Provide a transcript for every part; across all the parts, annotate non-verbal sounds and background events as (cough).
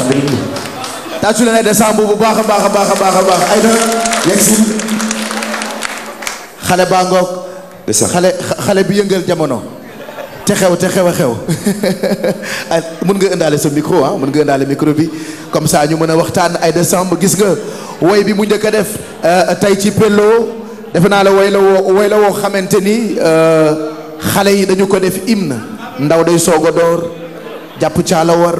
Amérique tàccu leen samb bu baax a baax a baax a baax a baax ay na yegg xale baa ngoog xale xale bi yëngal jamono te xew te xew a xew (laughs) ay mën nga indaale sa micro ah mën nga indaale micro bi comme ça ñu mën a waxtaan ay décembre gis nga woy bi mu njëkk a def euh, tey ci Pello defe naa la woy la woo woy la woo xamante ni euh, xale yi dañu ko def im na ndaw day soog a door jàpp caa la war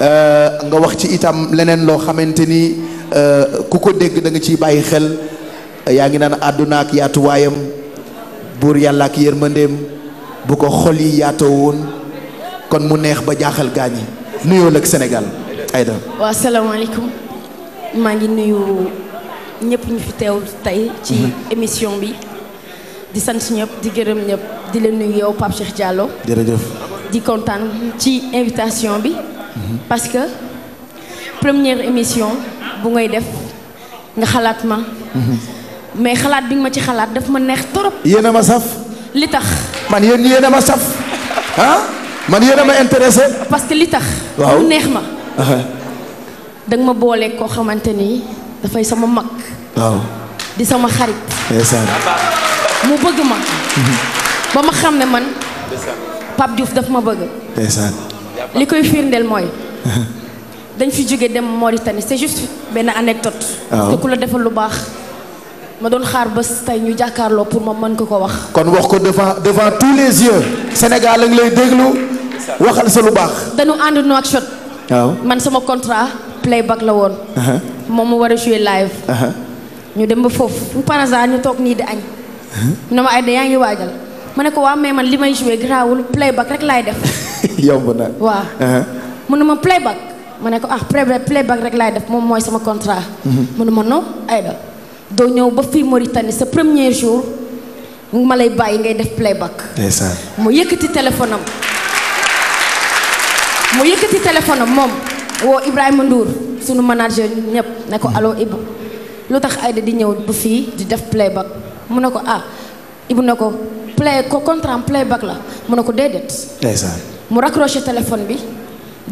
Euh, nga wax ci itam leneen loo xamante ni euh, ku ko dégg da nga ciy bàyyi xel yaa ngi naan àdduna ak yaatuwaayam buur yàlla ak yërmandeem bu ko xol yi yaatoo woon kon mu neex ba jaaxal gaañ yi nuyoo ak Sénégal Aïda waaw salaamaaleykum maa ngi nuyu ñëpp ñu fi teew tey ci mhm. émission bi di sant ñëpp di gërëm ñëpp di la nuyu yow Pape Cheikh Diallo di kontaan ci invitation bi parce que première émission bu ngay def nga xalaat ma. mais xalaat bi nga ma ci xalaat daf ma neex trop. yéen a ma saf. li tax. man yéen yéen a saf ah man yéen a ma intéressé. parce que li tax. waaw mu neex ma. danga ma boole koo xamante ni dafay sama mag. di sama xarit. mu bëgg ma. Mhm. ba ma xam ne man. Pape Diouf daf ma bëgg. li koy firndeel mooy. dañ fi jógee dem moo Mauritanie c'est juste benn anecdote. waaw ah. ku la defal lu baax. ma doon xaar ba tey ñu jàkkaarloo pour ma mën ko ko wax. kon wax ko devant devant tous les yeux. Sénégal a ngi lay déglu. waxal sa lu baax. dañu ànd no ak shot. Ah. man sama contrat. playback la woon. Ah moom mu war a jouer live. ñu dem ba foofu par hasard ñu toog nii di añ. ne ma ay yaa ngi waajal. ma ne ko waa mais man li may jouer garaawul playback rek laay def. (laughs) (laughs) yomb na. waaw uh-huh. mu ne ma playback mu ne ko ah playback rek laay def moom mooy sama contrat. Mm-hmm. mu na ma no Aïda doo ñëw ba fii Mauritanie sa premier jour ma lay bàyyi ngay def playback. ndeysaan mu yëkkati téléphone am mu yëkkati téléphone moom woo Ibrahima Ndour sunu manager ñëpp ne ko allo Ibou lu tax Aïda di ñëw ba fii di def playback mu ne ko ah Ibou ne ko play ko contrat playback la mu ne ko déedéet. ndeysaan. mu raccroché téléphone bi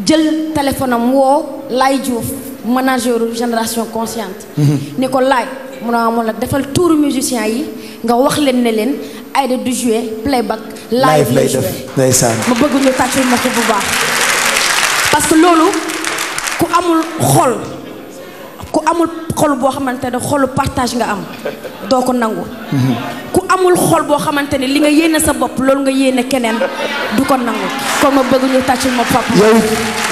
jël téléphone am woo Laye Diouf manager génération consciente mhm. ni ko laaj mu ne ma la defal tuuru musicien yi nga wax leen ne leen Aïda du jouer playback live lay def ndeysaan ma bëgg ñu tàccul ma ko bu baax parce que loolu ku amul xol ku amul xol boo xamante ne xolu partage nga am doo ko nangu ku amul xol boo xamante ne li nga yéene sa bopp loolu nga yéene keneen du ko nangu kon ma bëgg ñu tàccul ma papa yow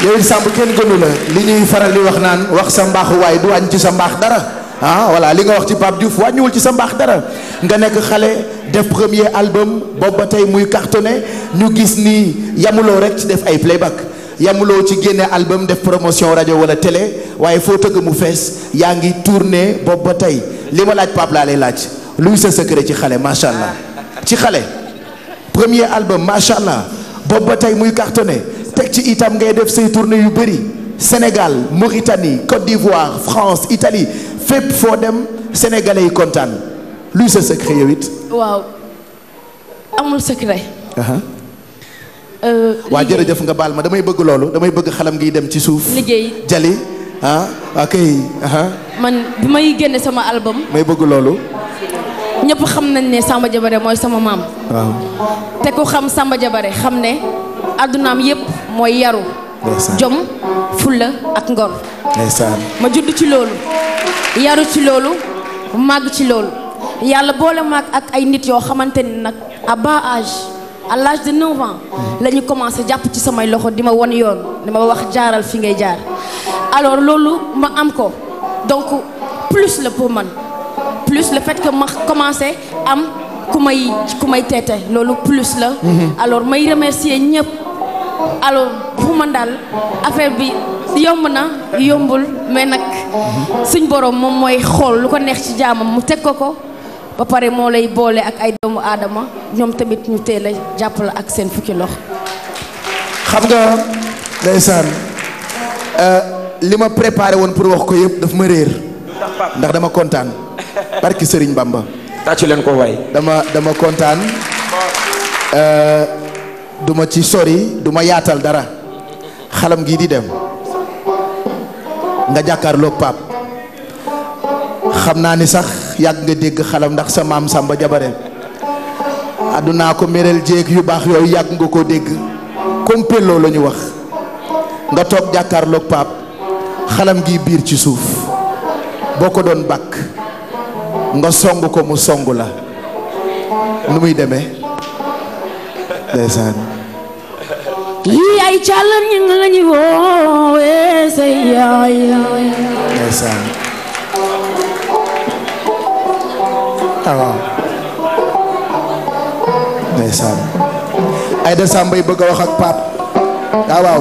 yow sàmb kenn gënu la li ñuy faral di wax naan wax sa mbaaxu waaye du ci sa mbaax dara ah voilà li nga wax ci Pape Diouf wàññiwul ci sa mbaax dara nga nekk xale def premier album boobu ba tey muy cartonné ñu gis ni yamuloo rek ci def ay playback yamuloo ci génne album def promotion rajo wala télé waaye foo tëgg mu fees yaa ngi tourné bopp ba tey li ma laaj Pape laa lay laaj luy sa secret ci xale macha allah ci xale premier album macha allah bopp ba tey muy cartonné teg ci itam ngay def sey tournée yu bëri Sénégal Mauritanie Côte d'Ivoire France Italie fépp foo dem sénégalais yi kontaan luy sa secret yow it. waaw amul secret. Euh, waa jërëjëf nga baal ma damay bëgg loolu damay bëgg xalam ngiy dem ci suuf. liggéey jali ah ok. man bi may génne sama album. may bëgg loolu. ñépp xam nañ ne Samba jabare mooy sama maam. te ku xam Samba Diabaré xam ne àddunaam yëpp mooy yaru. jom fulla ak ngor. ndeysaan ma judd ci loolu. yaru ci loolu màgg ci loolu. yàlla boole maag ak ay nit yoo xamante nag à bas âge. à l'âge de 9 la ñu commencé jàpp ci samay loxo di ma wan yoon di ma wax jaaral fi ngay jaar alors loolu ma am ko donc plus la pour man plus le fait que ma commencé am ku may ku may teete loolu plus la. Mhm. alors may remercier ñëpp alors pour man daal affaire bi yomb na yombul mais nag mhm. suñ borom moom mooy xool lu ko neex ci jaamam mu teg ko ko. ba pare moo lay boole ak ay doomu aadama ñoom tamit ñu teel a jàppale ak seen fukki loxo. xam nga ndeysaan euh, li ma préparé woon pour wax ko yëpp dafa ma réer ndax dama kontaan barki Serigne Bamba. tàccu leen ko waay. dama dama kontaan euh, duma ci sori duma yaatal dara xalam gii di dem nga jàkkaarloog Pape xam naa ni sax. yàgg nga dégg xalam ndax sa maam Samba Jabare àddunaa ko mereel jéeg yu baax yooyu yàgg nga ko dégg kompelloo la ñu wax nga toog jàkkaarloog paap xalam gi biir ci suuf boo ko doon bàkk nga song ko mu song la nu muy deme waaw bëgg a wax ah,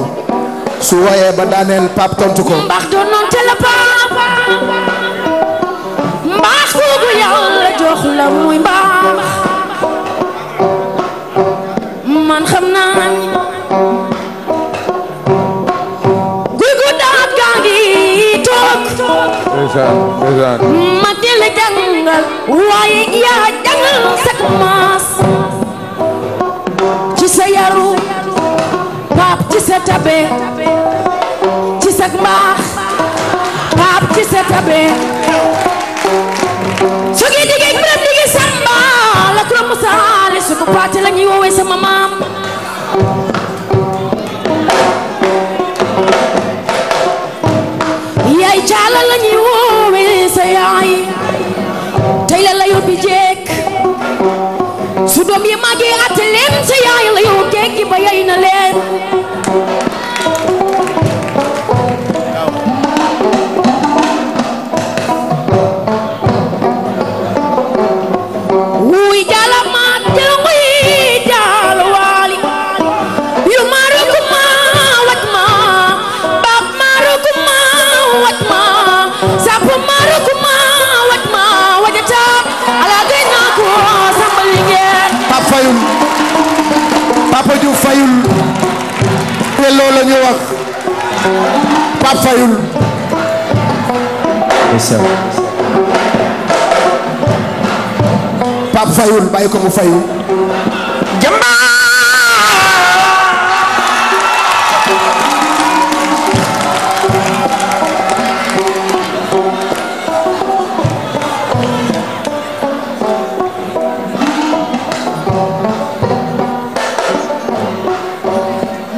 su woyee ba daaneel Pape tontu ko mbaax doon noon te la Pape mbaax googu yàlla jox la muy mbaax man xam naa guy gu daat gaa ngi toog ndeysaan ndeysaan di la jàngal waaye yaa jàngal sag maas ci sa paap ci sa ci sag mbaax paap ci sa su gi digee mbiram digi samba la turam musaale su ko paate la ñuy woowee sama maam yaay caala la ñuy woo sa yaay tey la la yóbbi jéeg su doom yi màggee at leen sa yaay la yow géej gi ba yey na leen Pape fayul bàyyi ko mu fayu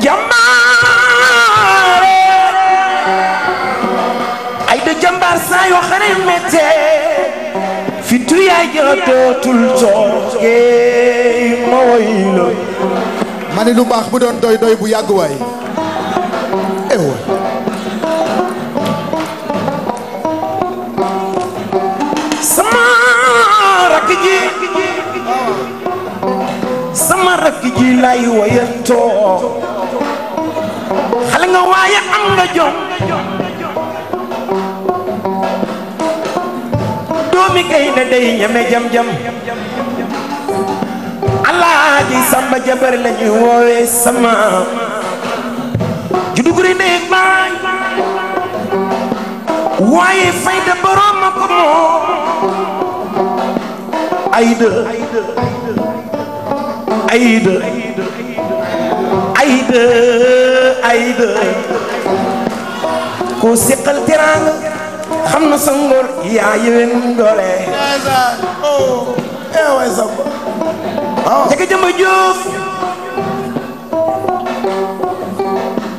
jamba jàmbaar saa yoo xam ne mettee fitu yaay ja dootul toogee ma woy la ma ne lu baax bu doon doy doy bu yàgg waay ewa eh sama rakk ji sama rakk ji lay wayantoo xale nga waaye am nga jom mi gaynde day ñeme jam jam alaaji samba jabar lañu woowe sama ju duguri néeg baay waaye fayda borom a ko moom ayda ayda ayda ayda ko seqal xam na sa ngor yaa yéwén doole. Oh. eh waay Samba. waaw oh. njëkk jëmba Diouf.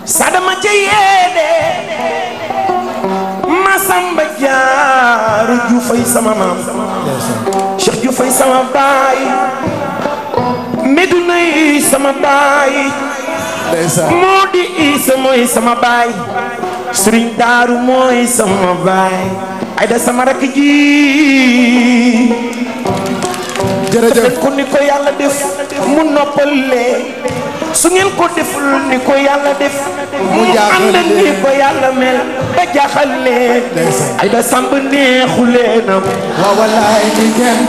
Sadama ca yeede. Masamba sama maam. Cheikh Dioufay sama baay. Meduna yi sama baay. moo di Isa baay. sëriñ daaru mooy sama baay ay da sama rakk ji jërëjëf ko ni ko yàlla def mu noppalee su ngeen ko deful ni ko yàlla def mu ànd ni ko yàlla mel ba jaaxal leen ay da sàmb neexu leenam waaw wallaay ni ngeen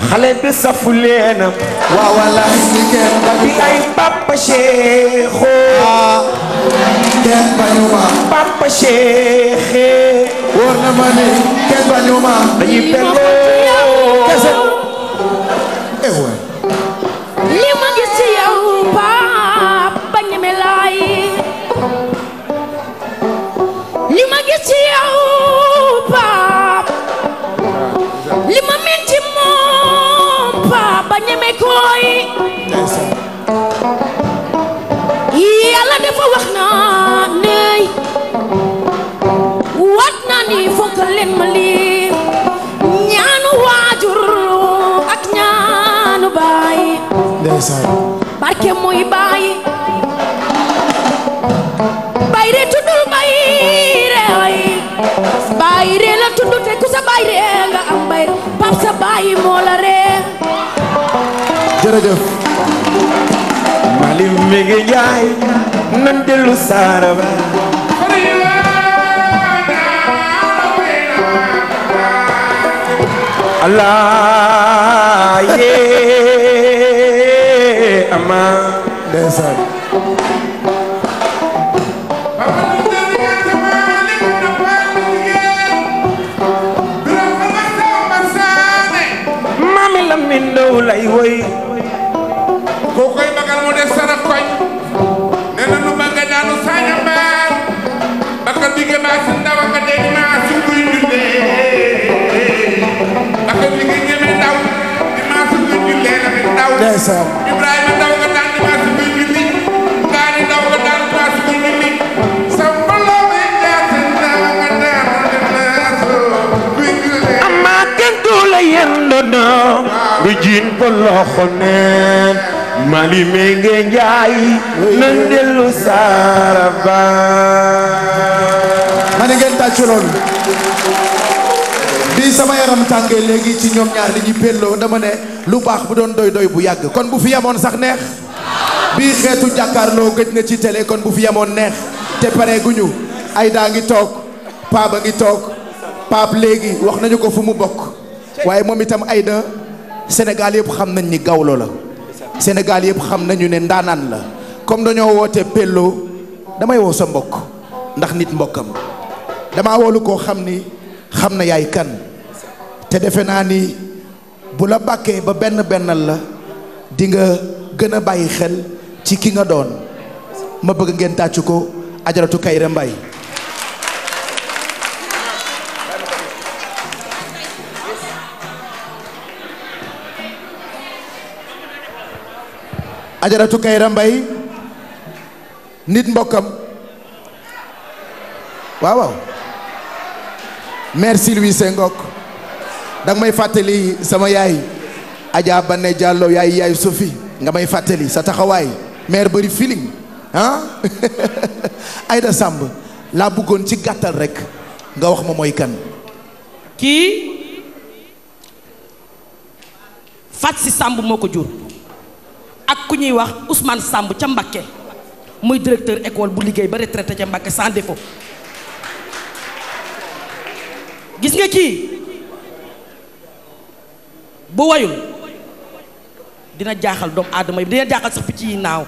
xale bi safu leena waaw wala si kenn bañu ko ay papa Cheikho ah, kenn bañu ma papa Cheikh wóor na ma ni kenn bañu ma dañuy bengoo kese leen ma waajur ak ñaanu baay ndeysaan barke baay baay ree tuddul baay ree baay ree la tudd te ku baay ree nga am baay pap sa baay moo ree jërëjëf Malick mi ngi nan dellu saara ba allah yee amaa ndeysaan maami la mi ndaw lay woy koo koy bagal mu def sara koñ ne na nu ma nga daanu saaña mbaar bakal bi nga baasi ndaw a nga dee ndeysaan Ibrahima ndaw nga daan dimanche bi muy julli Kaani ndaw nga daan dimanche bi muy julli sambalo bi jaati ndaw nga daan dimanche bi muy julli amma kentu la yendoo du jiin ba loxo neen mali menge njaay nan dellu saaraba ma ne ngeen tàcculoon bi sama yaram tàngee léegi ci ñoom ñaar li ñuy pelloo dama ne lu baax bu doon doy doy bu yàgg kon bu fi yamoon sax neex bii xeetu jàkkaarloo gëj na ci télé kon bu fi yamoon neex te pare guñu ay daa ngi toog paa ba ngi toog paap léegi wax nañu ko fu mu bokk waaye moom itam Aida Sénégal yëpp xam nañ ni gawlo la Sénégal yëpp xam nañu ne ndaanaan la comme dañoo wootee pello damay woo sa mbokk ndax nit mbokkam dama woolu koo xam ni xam na yaay kan te defe naa ni bu la bàkkee ba benn benn la di nga gën a bàyyi xel ci ki nga doon ma bëgg ngeen tàcc ko ajaratu Kairé ajaratu Kairé Mbaye nit mbokkam waaw waaw merci Louis Senghor danga may fàttali sama yaay ajaa Banne Diallo yaay yaay Sophie nga may fàttali sa taxawaay maire bëri feeling ah (laughs) Aïda Samb laa bëggoon ci gàttal rek nga wax ma mooy kan kii faj si Samb moo ko jur ak ku ñuy wax Ousmane sàmb ca Mbakke muy directeur école bu liggéey ba retraité ca Mbakke sans défaut gis nga kii bu wayul dina jaaxal doomu aadama yi dina jaaxal sax picc yi naaw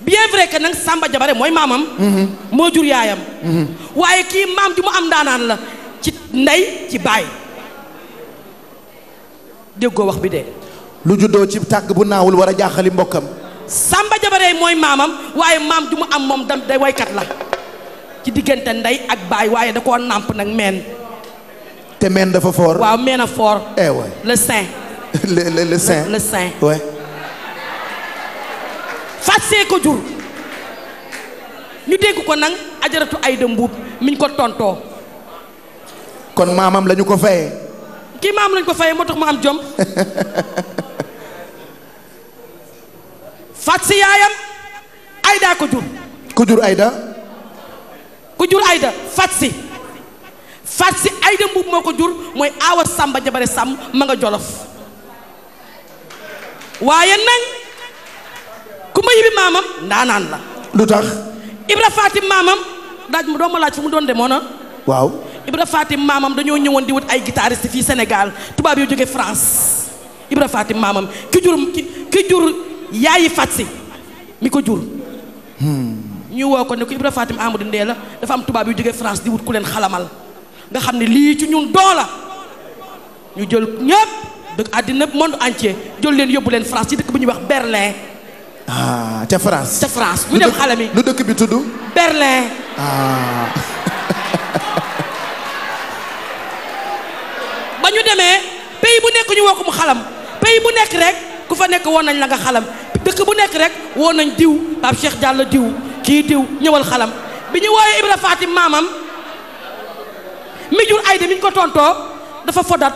bien vrai que nag Samba Jabare mooy maamam mm-hmm. moo jur yaayam mm-hmm. waaye kii maam ju mu am ndaanaan la ci ndey ci baay déggoo wax bi de lu juddoo ci tàgg bu naawul war a jaaxali mbokkam Samba Jabare mooy maamam waaye maam di mu am moom dam day waykat la ci diggante ndey ak baay waaye da koo nàmp nag meen te meen dafa foor waaw meen foor eh le saint le le le saint le saint. oui. ko jur ñu dégg ko nag ajaratu Ayda Mbuub miñ ko tontoo. kon maamam lañu ko fayee. kii maam lañu ko fayee moo tax mu am jom. (laughs) Fassé yaayam Ayda ko jur. ku jur Ayda. ku jur Ayda Fassé. Ayda Mbuub moo ko jur mooy Awa Samba Jabare Samb ma nga Jolof. waaye nag ku ma yibi maamam ndaanaan la lu tax Ibra Fatim maamam daaj mu doon ma laaj fu mu doon demoon na ah. waaw Ibra Fatim maamam dañoo ñëwoon di wut ay guitariste fii Sénégal tubaab yu jóge France Ibra Fatim maamam ki jur ki jur yaayi Fatsi mi ko jur hmm. ñuy woo ko ne ko Ibra Fatim Amadou Ndee la dafa am tubaab yu jóge France di wut ku leen xalamal nga xam ne lii ci ñun doola ñu jël ñëpp dëkk àddina monde entier jël yóbbu leen France ci dëkk bu ñuy wax Berlin. ah ca France. ca France ñu dem xale ah. (laughs) ba ñu demee pays bu nekk ñu woo xalam pays bu nekk rek ku fa nekk woon nañ la nga xalam dëkk bu nekk rek woo nañ diw Pape Cheikh Diallo diw kii diw ñëwal xalam bi ñu Ibra Fatim maamam mi jur Ayda mi ñu dafa fodat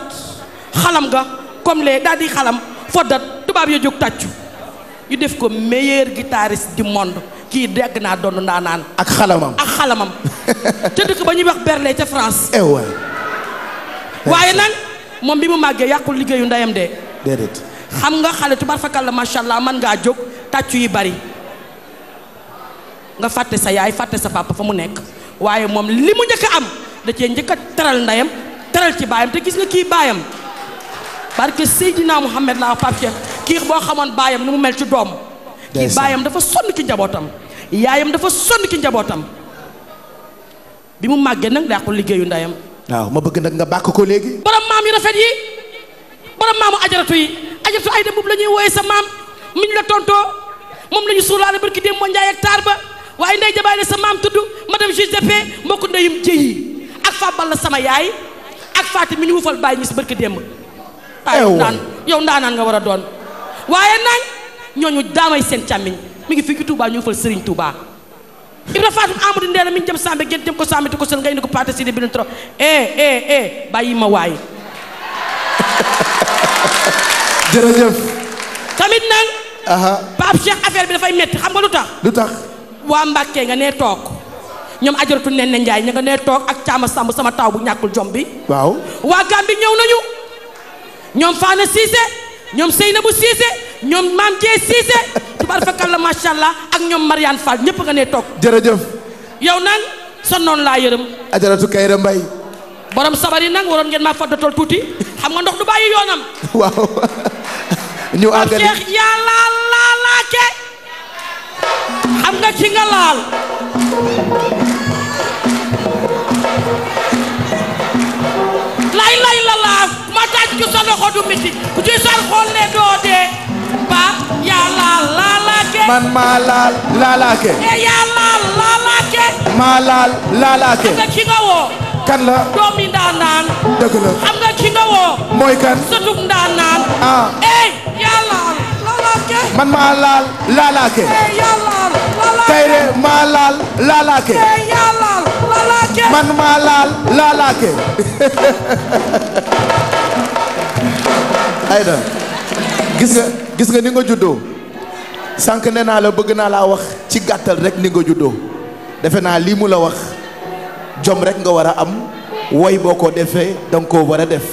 xalam ga comme les daal di xalam foddat tubaab ya jóg tàccu ñu def ko meilleur guitariste du monde kii dégg naa doon naa naan ak xalamam ak (laughs) ca dëkk ba ñuy wax Berlin ca France eh waaye nag moom bi mu màggee yàqul liggéeyu ndeyam de déedéet xam nga xale tubarfakal la macha allah man ngaa jóg tàccu yi bari nga fàtte sa yaay fàtte sa papa fa mu nekk waaye moom li mu njëkk am da cee njëkk a teral ndeyam teral ci baayam te gis nga kii baayam barke Seydina Mouhamed laa Pape Cheikh kii boo xamoon baayam ni mu mel ci doom kii baayam dafa sonn ci njabootam yaayam dafa sonn ci njabootam bi mu màggee nag dàqul liggéeyu ndeyam waaw ma bëgg nag nga bàkk ko léegi borom maam yu rafet yi borom maamu ajaratu yi ajaratu ay da boobu la ñuy wooye sa maam mi ñu la tontoo moom la ñu suulaale barki démb moo njaay ak taar ba waaye ndey jabaay la sa maam tudd madame juge de paix mbokku ndeyum jëyi ak fa bal la sama yaay ak faati mi ñu wufal bàyyi ñi si barki démb yow daan yow ndaanaan nga war a doon waaye nag ñooñu daamay seen càmmiñ mi ngi fii ci Touba ñu ngi fal Serigne Touba Ibra Fatim Amadou Ndeela mi ngi jëm sambe gën jëm ko sambe te ko sel nga indi bi bàyyi ma waay (laughs) tamit nag affaire bi dafay metti xam nga lu tax lu tax waa Mbàkke nga ne toog ñoom ajaratu nen ne Njaay ña nga nee toog ak caama sàmb sama taw bu ñàkkul jom waaw waa Gàmbi ñëw nañu ñoom Fana Cissé ñoom Seynabou Cissé ñoom Mame Dieye Cissé tubaar fakal la macha ak ñoom Marianne Fall ñëpp nga ne toog. jërëjëf. yow nag son noon laa yërëm. ajaratu Kayra Mbaye. borom sabar yi nag waroon ngeen maa fàttatoo tuuti xam nga ndox du bàyyi yoonam. waaw. (laughs) ñu àggali Cheikh yàlla laalaake. xam nga ki nga laal. ci sa loxo du métti ku ci sar xool ne doo dee maa yaa laal laalaake e maa laal laalaake xam nga ki woo kan la doomi ndaanaan dëgg la xam nga ki woo mooy kan sëtub ndaanaan ah eh yaa laal laalaake e maa laal laalaake eh maa laal laalaake maa laal (laughs) laalaake Aïda gis nga gis nga ni nga juddoo sànq ne naa la bëgg naa laa wax ci gàttal rek ni nga juddoo defe naa lii mu la wax jom rek nga war a am woy boo ko defee danga koo war a def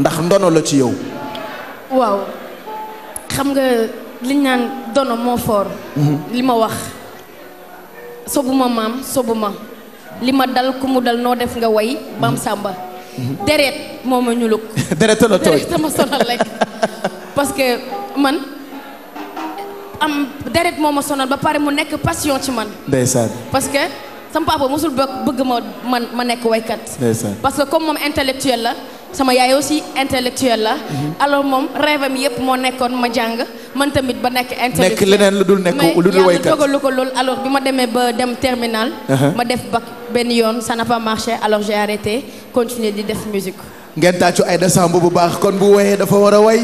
ndax ndono la ci yow waaw xam nga li naan dono moo foor mhm. li ma wax sobuma maam ma li ma dal ku mu dal noo def nga woy maam mhm. sàmba deret moo ma ñuluk (laughs) deret la tooy deret parce que man am deret moom a sonal ba pare mu nekk passion ci man ndeysaan parce que sama papa mosul bëgg ma man ma nekk waykat ndeysaan parce que comme moom intellectuel la sama yaay aussi intellectuel la. Mhm. alors moom rêve am yëpp moo nekkoon ma jàng man tamit ba nekk. intellectuel nekk leneen lu dul nekk lu dul waykat mais ko loolu alors bi ma demee ba dem terminal. ma def bac benn yoon ça marché alors j'ai continuer di def musique. ngeen tàccu Aïda Samb bu baax kon bu woyee war a way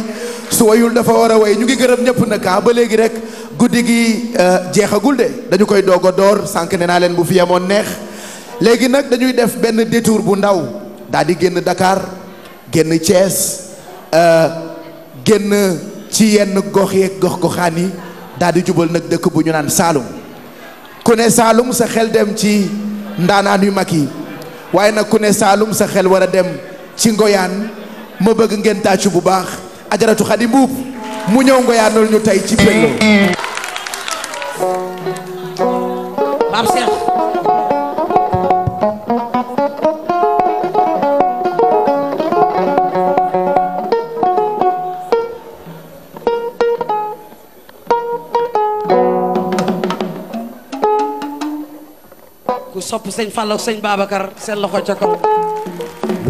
su wayul dafa war a ñu ngi gërëm ñëpp nag ah, ba léegi rek guddi gi euh, jeexagul de dañu koy doog a door sànq nee naa leen bu fi yemoon neex léegi nag dañuy def benn détour bu ndaw daal di génn Dakar. génn Thiès euh, génn ci yenn gox yeeg gox goxaan yi daal jubal nag dëkk bu ñu naan Saalum ku ne Saalum sa xel dem ci ndaanaan yu mag yi waaye nag ku ne Saalum sa xel war a dem ci ngoyaan ma bëgg ngeen tàccu bu baax ajaratu Xadi Mbuub mu ñëw ngoyaanal ñu tey ci Pello. sëñ Fall ak sëñ Babacar seen loxo ca kaw.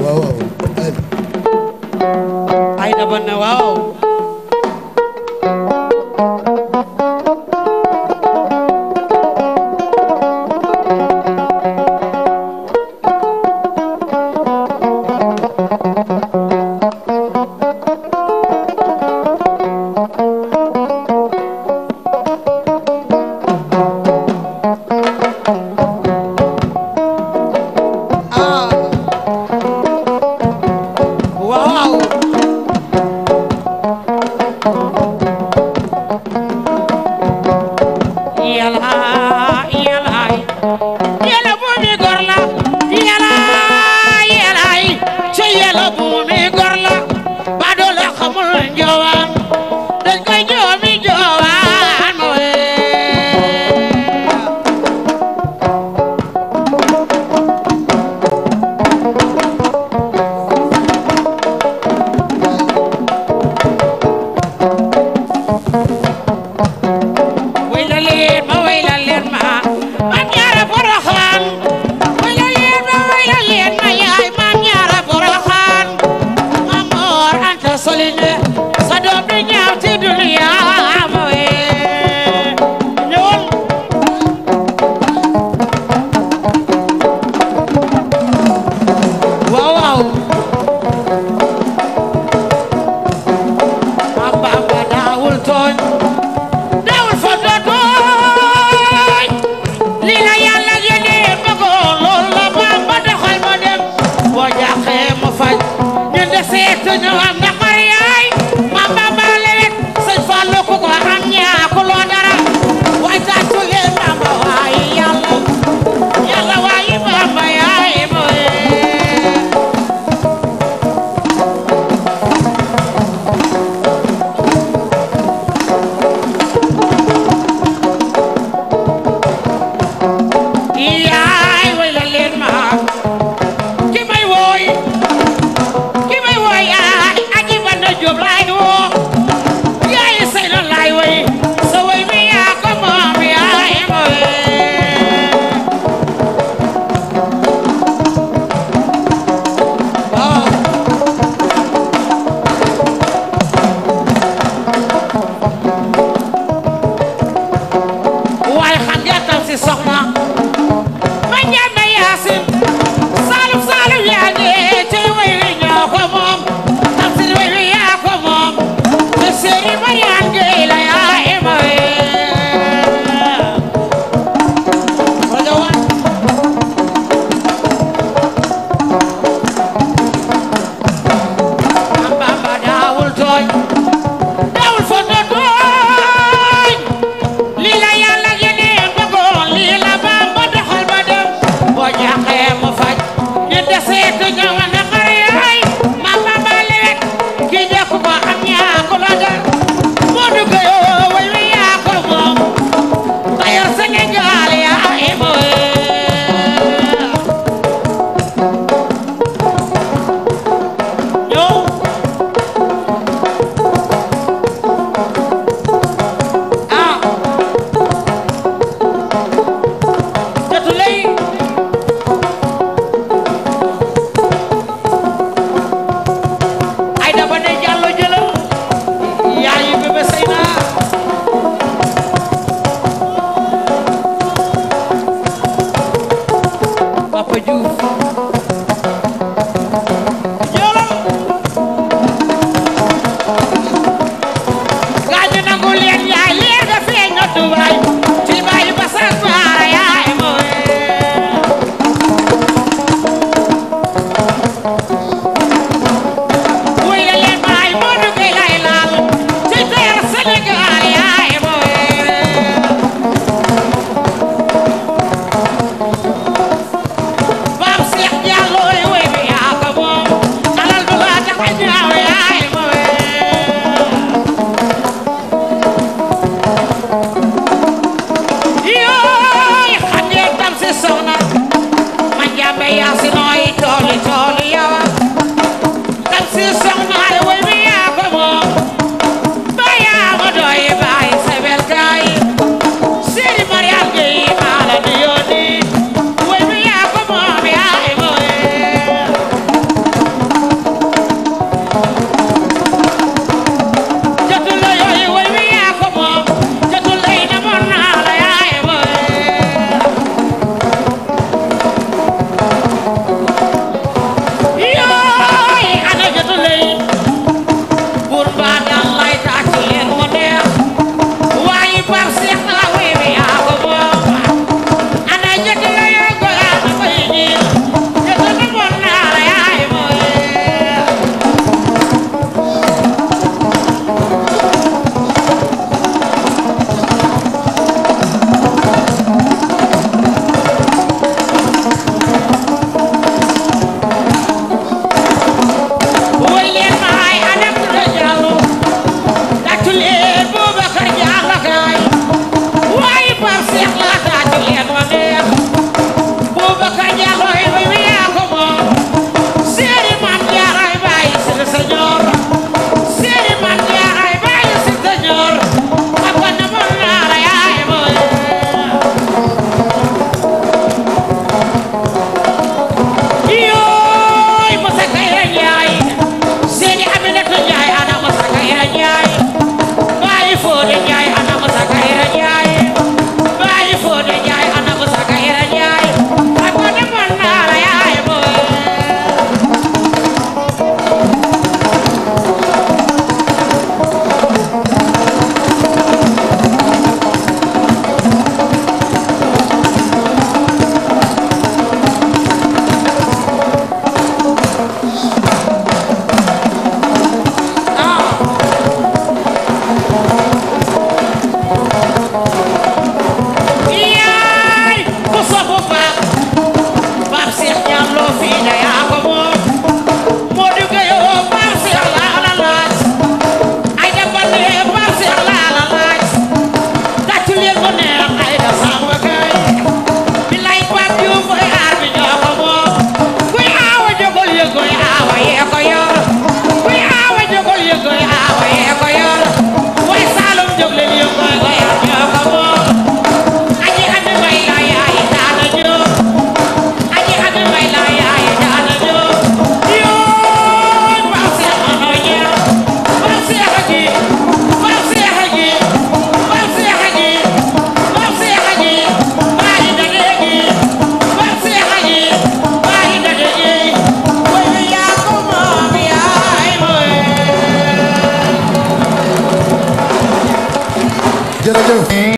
waaw waaw. ay na ba ne waaw.